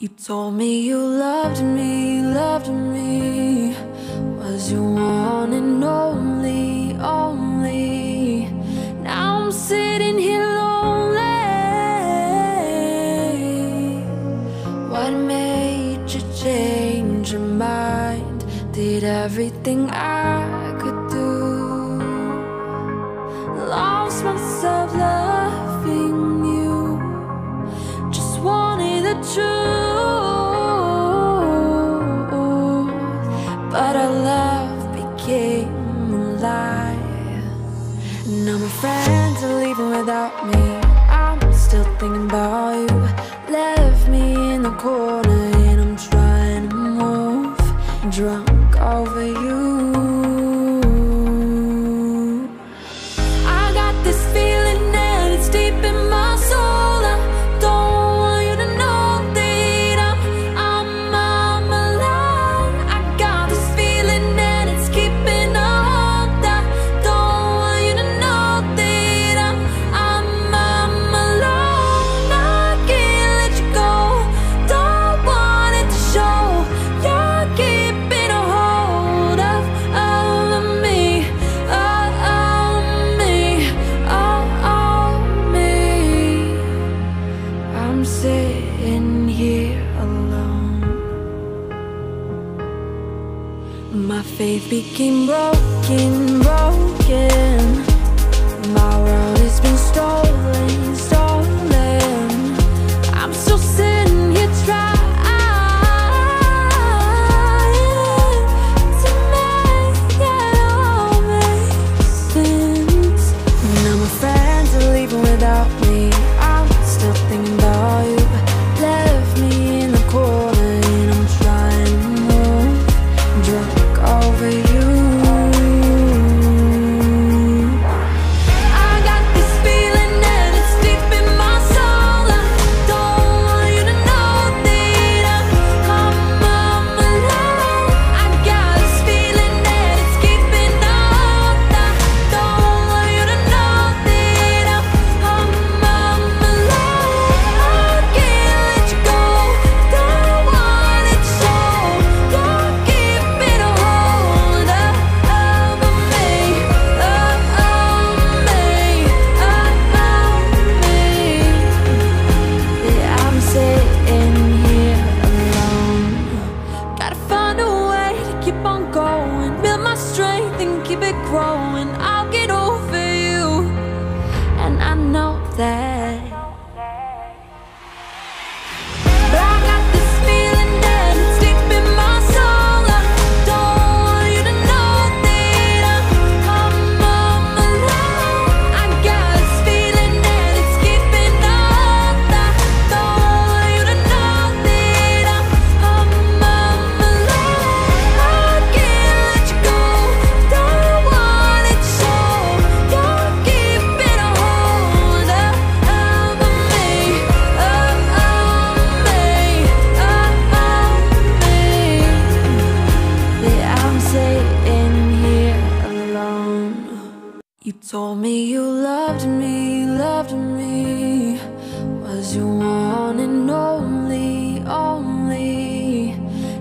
You told me you loved me, loved me Was your one and only, only Now I'm sitting here lonely What made you change your mind? Did everything I could do Lost myself, love Now my friends are leaving without me I'm still thinking about you Left me in the corner And I'm trying to move Drunk over you My faith became broken, broken. that told me you loved me, loved me Was your one and only, only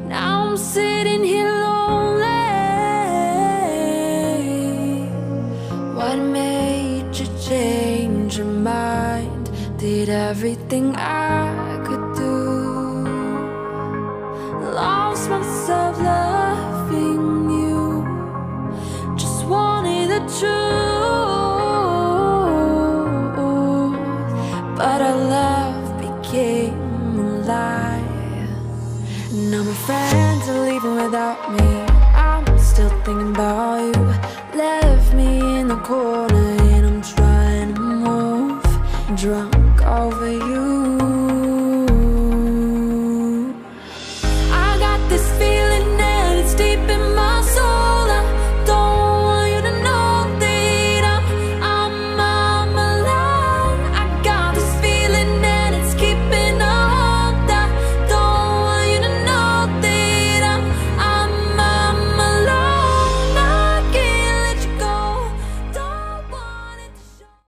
Now I'm sitting here lonely What made you change your mind? Did everything I me